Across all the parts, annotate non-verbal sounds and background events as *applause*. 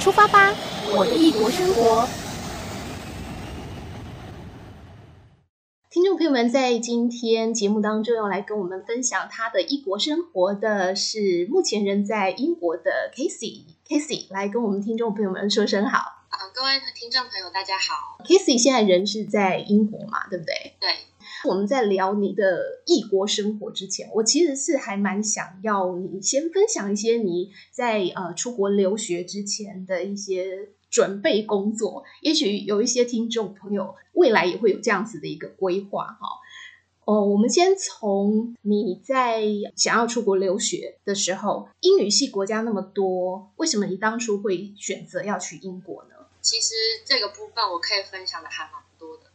出發吧，我的異國生活。聽眾朋友們，在今天節目當中要來跟我們分享他的異國生活的是目前人在英國的 KC，KC 來跟我們聽眾朋友們說聲好。啊，uh, 各位聽眾朋友，大家好。KC 現在人是在英國嘛，對不對？對。我們在聊你的異國生活之前，我其實是還蠻想要你先分享一些你在呃出國留學之前的一些準備工作，也許有一些聽眾朋友未來也會有這樣子的一個規劃哈。哦，我們先從你在想要出國留學的時候，英語系國家那麼多，為什麼你當初會選擇要去英國呢？其實這個部分我可以分享的還蠻。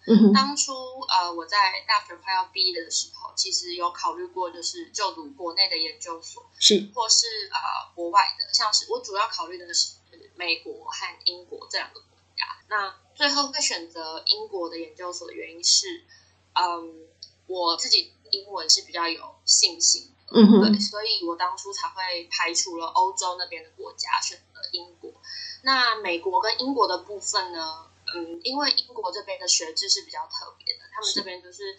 嗯，當初呃，我在大學快要畢業的時候，其實有考慮過，就是就讀國內的研究所，是或是呃國外的，像是我主要考慮的是，是美國和英國這兩個國家。那最後會選擇英國的研究所的原因是，嗯，我自己英文是比較有信心的，嗯哼，對，所以我當初才會排除了歐洲那邊的國家，選擇英國。那美國跟英國的部分呢？嗯，因為英國這邊的學制是比較特別的，他們這邊就是，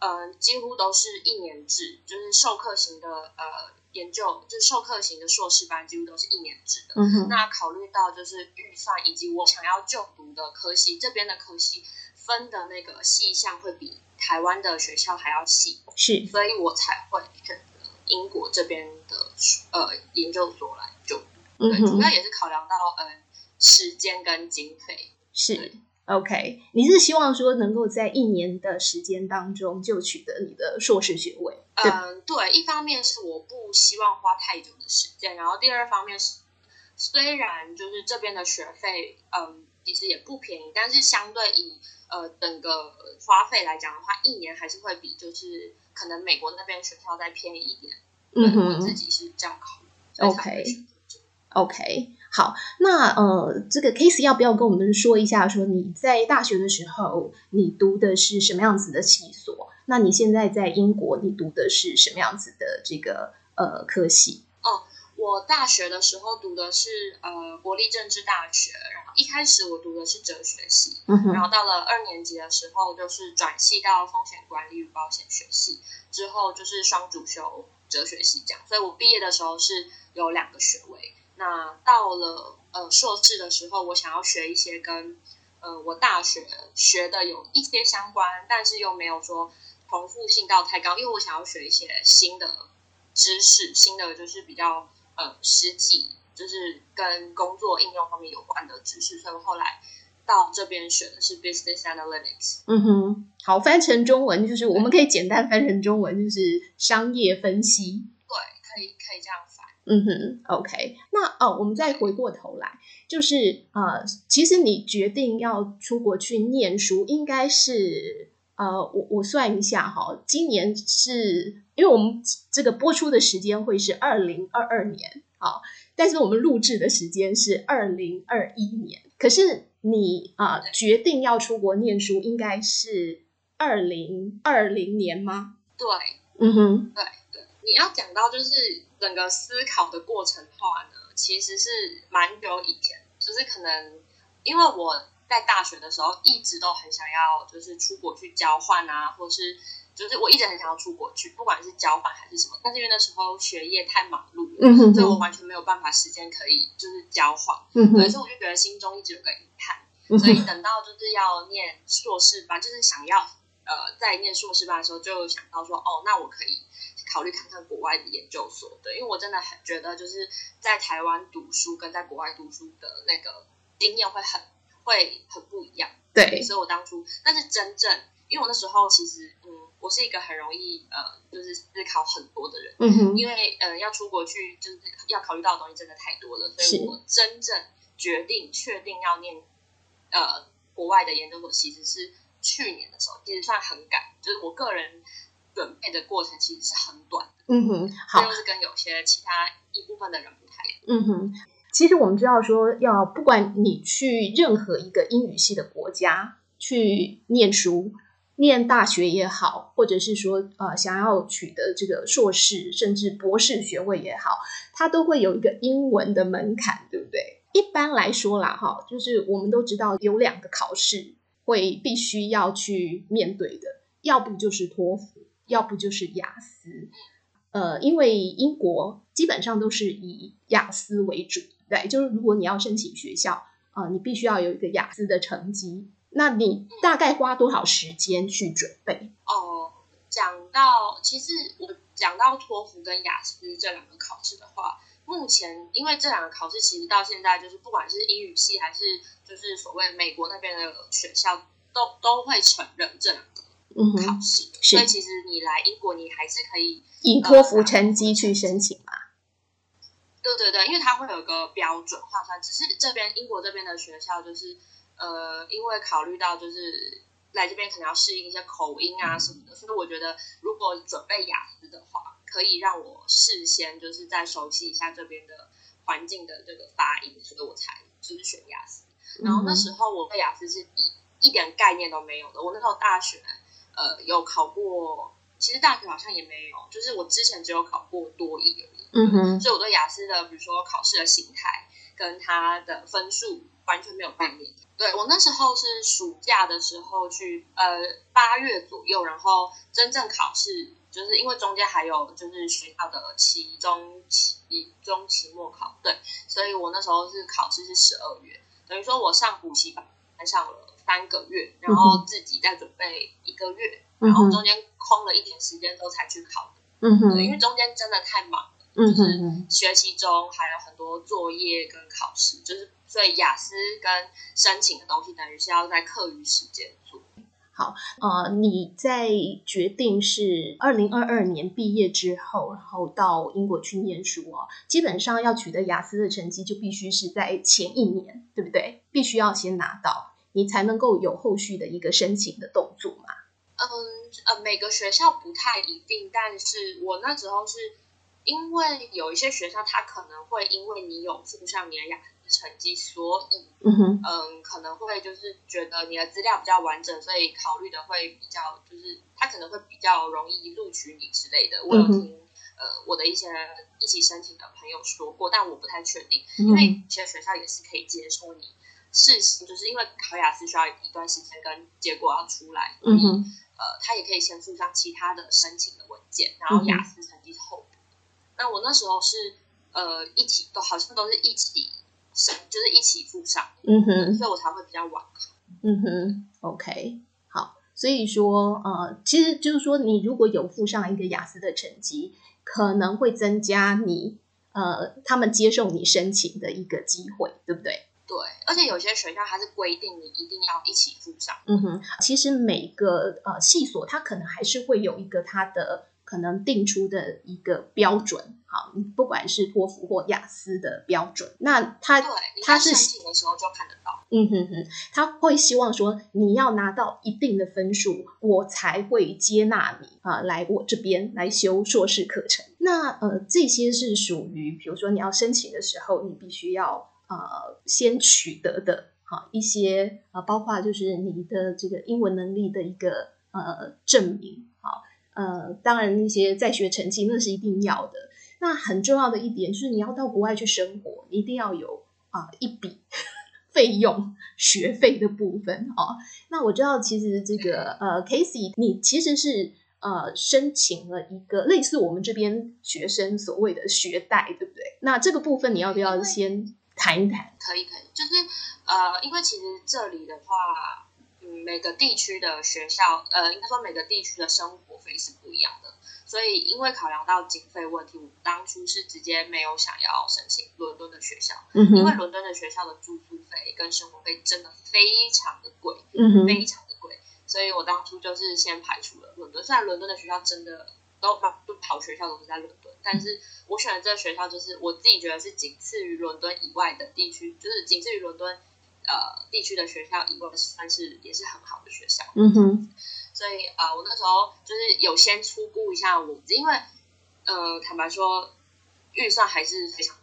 嗯是、呃、幾乎都是一年制，就是授課型的呃研究，就是、授課型的碩士班幾乎都是一年制的。嗯哼那考慮到就是預算以及我想要就讀的科系，這邊的科系分的那個細項會比台灣的學校還要細，是，所以我才會選擇英國這邊的呃研究所來就讀。對嗯、哼主要也是考量到嗯、呃、時間跟經費。是、嗯、OK，你是希望說能夠在一年的時間當中就取得你的碩士學位？嗯，對，一方面是我不希望花太久的時間，然後第二方面是，雖然就是這邊的學費，嗯，其實也不便宜，但是相對於呃整個花費來講的話，一年還是會比就是可能美國那邊學校再便宜一點。嗯嗯哼。我自己是這樣考慮。OK。OK。好，那呃，這個 case 要不要跟我們說一下？說你在大學的時候，你讀的是什麼樣子的系所？那你現在在英國，你讀的是什麼樣子的這個呃科系？哦，我大學的時候讀的是呃國立政治大學，然後一開始我讀的是哲學系，嗯哼，然後到了二年級的時候，就是轉系到風險管理與保險學系，之後就是雙主修哲學系這樣，所以我畢業的時候是有兩個學位。那到了呃碩士的時候，我想要學一些跟呃我大學學的有一些相關，但是又沒有說重複性到太高，因為我想要學一些新的知識，新的就是比較呃實際，就是跟工作應用方面有關的知識。所以我後來到這邊學的是 business analytics。嗯哼，好，翻成中文就是，我們可以簡單翻成中文、嗯、就是商業分析。對，可以可以這樣。嗯哼，OK，那哦，我們再回過頭來，就是啊、呃，其實你決定要出國去念書，應該是呃，我我算一下哈，今年是，因為我們這個播出的時間會是二零二二年，好、哦，但是我們錄制的時間是二零二一年，可是你啊、呃、對決定要出國念書，應該是二零二零年嗎？對，嗯哼，對。你要講到就是整個思考的過程的話呢，其實是蠻久以前，就是可能因為我在大學的時候一直都很想要，就是出國去交換啊，或是就是我一直很想要出國去，不管是交換還是什麼。但是因為那時候學業太忙碌了，所以、嗯、哼我完全沒有辦法時間可以就是交換。嗯哼。所以我就覺得心中一直有個遺憾，所以等到就是要念碩士班，就是想要呃在念碩士班的時候就想到說，哦，那我可以。考慮看看國外的研究所，對，因為我真的很覺得，就是在台灣讀書跟在國外讀書的那個經驗會很會很不一樣，對。所以，我當初，但是真正，因為我那時候其實，嗯，我是一個很容易呃，就是思考很多的人，嗯哼。因為呃，要出國去，就是要考慮到的東西真的太多了，所以我真正決定是確定要念呃國外的研究所，其實是去年的時候，其實算很趕，就是我個人。準備的過程其實是很短的，嗯哼，好，這是跟有些其他一部分的人不太一樣。嗯哼，其實我們知道說，要不管你去任何一個英語系的國家去念書，念大學也好，或者是說呃想要取得這個碩士甚至博士學位也好，它都會有一個英文的門檻，對不對？一般來說啦，哈，就是我們都知道有兩個考試會必須要去面對的，要不就是托福。要不就是雅思，呃，因為英國基本上都是以雅思為主，對，就是如果你要申請學校啊，呃，你必須要有一個雅思的成績。那你大概花多少時間去準備？哦，講到其實我講到托福跟雅思這兩個考試的話，目前因為這兩個考試其實到現在就是不管是英語系還是就是所謂美國那邊的學校都都會承認這兩。嗯，考試。所以其實你來英國，你還是可以以托福成績去申請嘛，嗯。對對對，因為它會有個標準劃分，只是這邊英國這邊的學校就是，呃，因為考慮到就是來這邊可能要適應一些口音啊什麼的，嗯、哼所以我覺得如果準備雅思的話，可以讓我事先就是再熟悉一下這邊的環境的這個發音，所以我才就是選雅思。嗯，哼然後那時候我對雅思是一一點概念都沒有的，我那時候大學。呃，有考過，其實大學好像也沒有，就是我之前只有考過多益而已。嗯哼，所以我對雅思的，比如說考試的形態跟它的分數完全沒有概念。對，我那時候是暑假的時候去，呃，八月左右，然後真正考試，就是因為中間還有就是學校的期中期中期末考，對，所以我那時候是考試是十二月，等於說我上補習班還上了。三個月，然後自己再準備一個月，嗯哼，然後中間空了一點時間，都才去考的。嗯哼，對，因為中間真的太忙了，嗯哼哼，就是學習中還有很多作業跟考試，就是所以雅思跟申請的東西，等於是要在課餘時間做。好，呃，你在決定是二零二二年畢業之後，然後到英國去念書啊、哦，基本上要取得雅思的成績，就必須是在前一年，對不對？必須要先拿到。你才能夠有後續的一個申請的動作嘛？嗯呃，每個學校不太一定，但是我那時候是因為有一些學校，他可能會因為你有附上你的雅思成績，所以嗯，哼嗯可能會就是覺得你的資料比較完整，所以考慮的會比較就是他可能會比較容易錄取你之類的。嗯、哼我有聽呃我的一些一起申請的朋友說過，但我不太確定，嗯、因為有些學校也是可以接受你。是，就是因為考雅思需要一段時間，跟結果要出來，所以，嗯哼，呃，他也可以先附上其他的申請的文件，然後雅思成績是後補、嗯、那我那時候是呃一起都好像都是一起申，就是一起附上，嗯哼，所以我才會比較晚。嗯哼，OK，好，所以說呃，其實就是說你如果有附上一個雅思的成績，可能會增加你呃他們接受你申請的一個機會，對不對？對，而且有些學校它是規定你一定要一起附上。嗯哼，其實每個呃系所它可能還是會有一個它的可能定出的一個標準。好，不管是托福或雅思的標準，那它對，它是申請的時候就看得到。嗯哼哼，他會希望說你要拿到一定的分數，我才會接納你啊、呃，來我這邊來修碩士課程。那呃，這些是屬於比如說你要申請的時候，你必須要。呃，先取得的好一些、呃、包括就是你的這個英文能力的一個呃證明，好呃，當然那些在學成績那是一定要的。那很重要的一點就是你要到國外去生活，一定要有啊、呃、一筆 *laughs* 費用，學費的部分、哦、那我知道其實這個 *laughs* 呃，KC，你其實是呃申請了一個類似我們這邊學生所謂的學貸，對不對？那這個部分你要不要先、嗯？嗯談一談，可以可以，就是呃，因為其實這裡的話，嗯，每個地區的學校，呃，應該說每個地區的生活費是不一樣的，所以因為考量到經費問題，我當初是直接沒有想要申請倫敦的學校，嗯、哼因為倫敦的學校的住宿費跟生活費真的非常的貴，嗯、哼非常的貴，所以我當初就是先排除了倫敦，雖然倫敦的學校真的。都都跑學校都是在倫敦，但是我選的這個學校就是我自己覺得是僅次於倫敦以外的地區，就是僅次於倫敦呃地區的學校，以外，算是也是很好的學校。嗯哼。所以啊、呃、我那時候就是有先出估一下我，因為呃坦白說預算還是非常，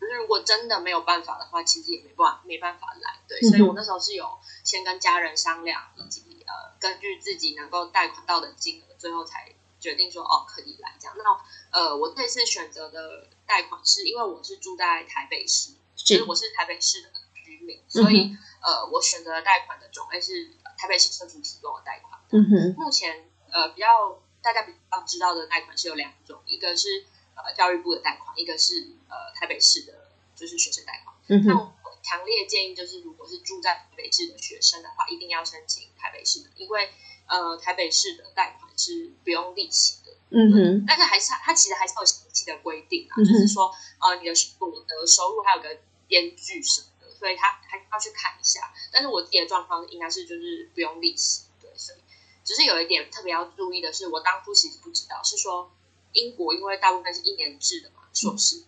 可是如果真的沒有辦法的話，其實也沒辦沒辦法來。對，所以我那時候是有先跟家人商量，以及呃根據自己能夠貸款到的金額，最後才。決定說哦可以來這樣，那呃我那次選擇的貸款是因為我是住在台北市，所以行我是台北市的居民，所以、嗯、哼呃我選擇的貸款的種類是台北市政府提供的貸款的。嗯嗯哼目前呃比較大家比較知道的貸款是有兩種，一個是呃教育部的貸款，一個是呃台北市的，就是學生貸款。嗯哼那我強烈建議就是如果是住在台北市的學生的話，一定要申請台北市的，因為。呃，台北市的貸款是不用利息的，嗯，哼嗯但是還是它其實還是有詳細的規定啊，嗯、哼就是說呃你的所得、呃、收入還有個編劇什麼的，所以它還要去看一下。但是我自己的狀況應該是就是不用利息，對，所以只是有一點特別要注意的是，我當初其實不知道是說英國因為大部分是一年制的嘛，碩士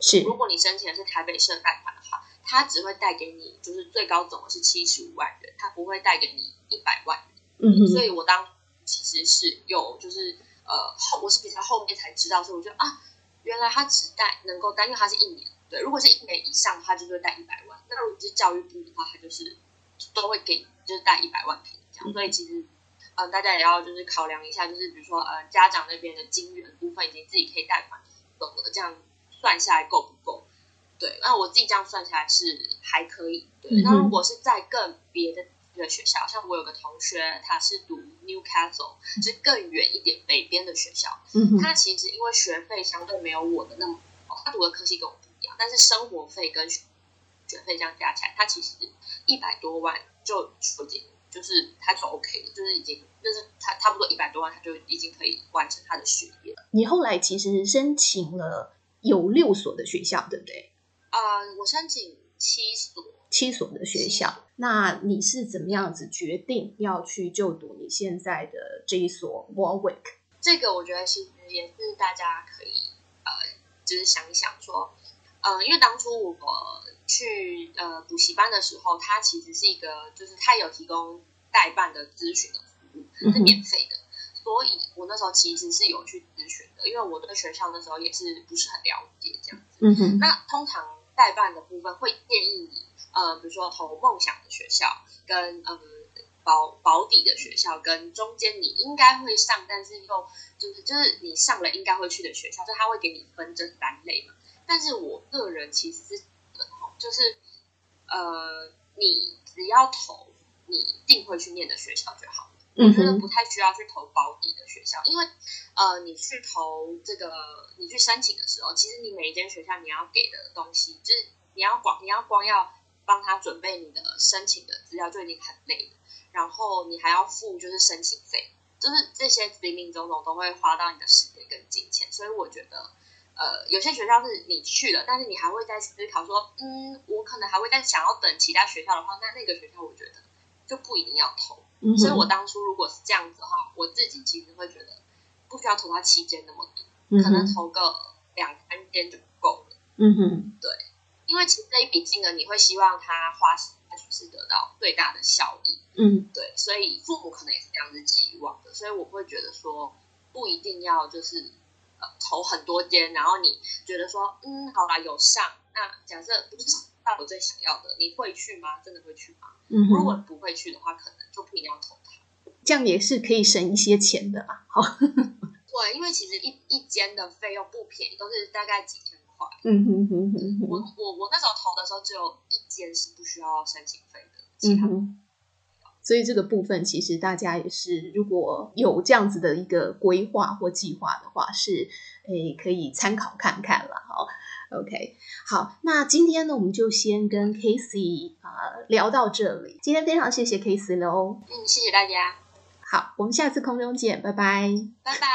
是，是如果你申請的是台北市的貸款的話，它只會貸給你就是最高總額是七十五萬元，它不會貸給你一百萬元。嗯，所以我當其實是有，就是呃後，我是比較後面才知道的時候，所以我覺得啊，原來他只貸能夠擔，因為他是一年，對，如果是一年以上的話，他就會貸一百萬。那如果是教育部的話，他就是都會給，就是貸一百萬這樣。所以其實，嗯、呃，大家也要就是考量一下，就是比如說呃，家長那邊的金源部分以及自己可以貸款懂了這樣算下來夠不夠？對，那我自己這樣算下來是還可以。對，嗯、哼那如果是在更別的。一個學校，像我有個同學，他是讀 Newcastle，就、嗯、哼是更遠一點北邊的學校。嗯、哼他其實因為學費相對沒有我的那麼好，他讀的科系跟我不一樣，但是生活費跟學費這樣加起來，他其實一百多萬就出去，就是他就 OK，就是已經就是他差不多一百多萬，他就已經可以完成他的學業了。你後來其實申請了有六所的學校，對不對？啊、呃，我申請七所。七所的學校，是那你是怎麼樣子決定要去就讀你現在的這一所 Warwick？這個我覺得其實也是大家可以呃，就是想一想說，呃，因為當初我去呃補習班的時候，他其實是一個就是他有提供代辦的諮詢的服務，是免費的，嗯、哼所以我那時候其實是有去諮詢的，因為我對學校那時候也是不是很了解這樣子。嗯哼。那通常代辦的部分會建議你，呃，比如說投夢想的學校，跟呃保保底的學校，跟中間你應該會上，但是又就是就是你上了應該會去的學校，就他會給你分這三類嘛。但是我個人其實是，就是呃，你只要投你一定會去念的學校就好了，我覺得不太需要去投保底的學校，因為呃，你去投這個你去申請的時候，其實你每一間學校你要給的東西，就是你要光你要光要。幫他準備你的申請的資料就已經很累了，然後你還要付就是申請費，就是這些林林總總都會花到你的時間跟金錢，所以我覺得，呃，有些學校是你去了，但是你還會在思考說，嗯，我可能還會再想要等其他學校的話，那那個學校我覺得就不一定要投，嗯、哼所以我當初如果是這樣子的話，我自己其實會覺得不需要投到七間那麼多，嗯、哼可能投個兩三間就夠了。嗯哼，對。因為其實這一筆金額，你會希望他花時間，是得到最大的效益，嗯，對，所以父母可能也是這樣子期望的，所以我會覺得說，不一定要就是、呃、投很多間，然後你覺得說，嗯，好啦，有上，那假設不是那我最想要的，你會去嗎？真的會去嗎？嗯、哼如果不會去的話，可能就不一定要投它，這樣也是可以省一些錢的啊。好， *laughs* 對，因為其實一一間的費用不便宜，都是大概幾千。嗯哼哼哼，哼我，我我我那時候投的時候只有一間是不需要申請費的，嗯哼。所以這個部分其實大家也是，如果有這樣子的一個規劃或計劃的話，是誒可以參考看看了。好 OK，好，那今天呢，我們就先跟 KC 啊、呃、聊到這裡。今天非常謝謝 KC 嘍，嗯，謝謝大家。好，我們下次空中見，拜拜，拜拜。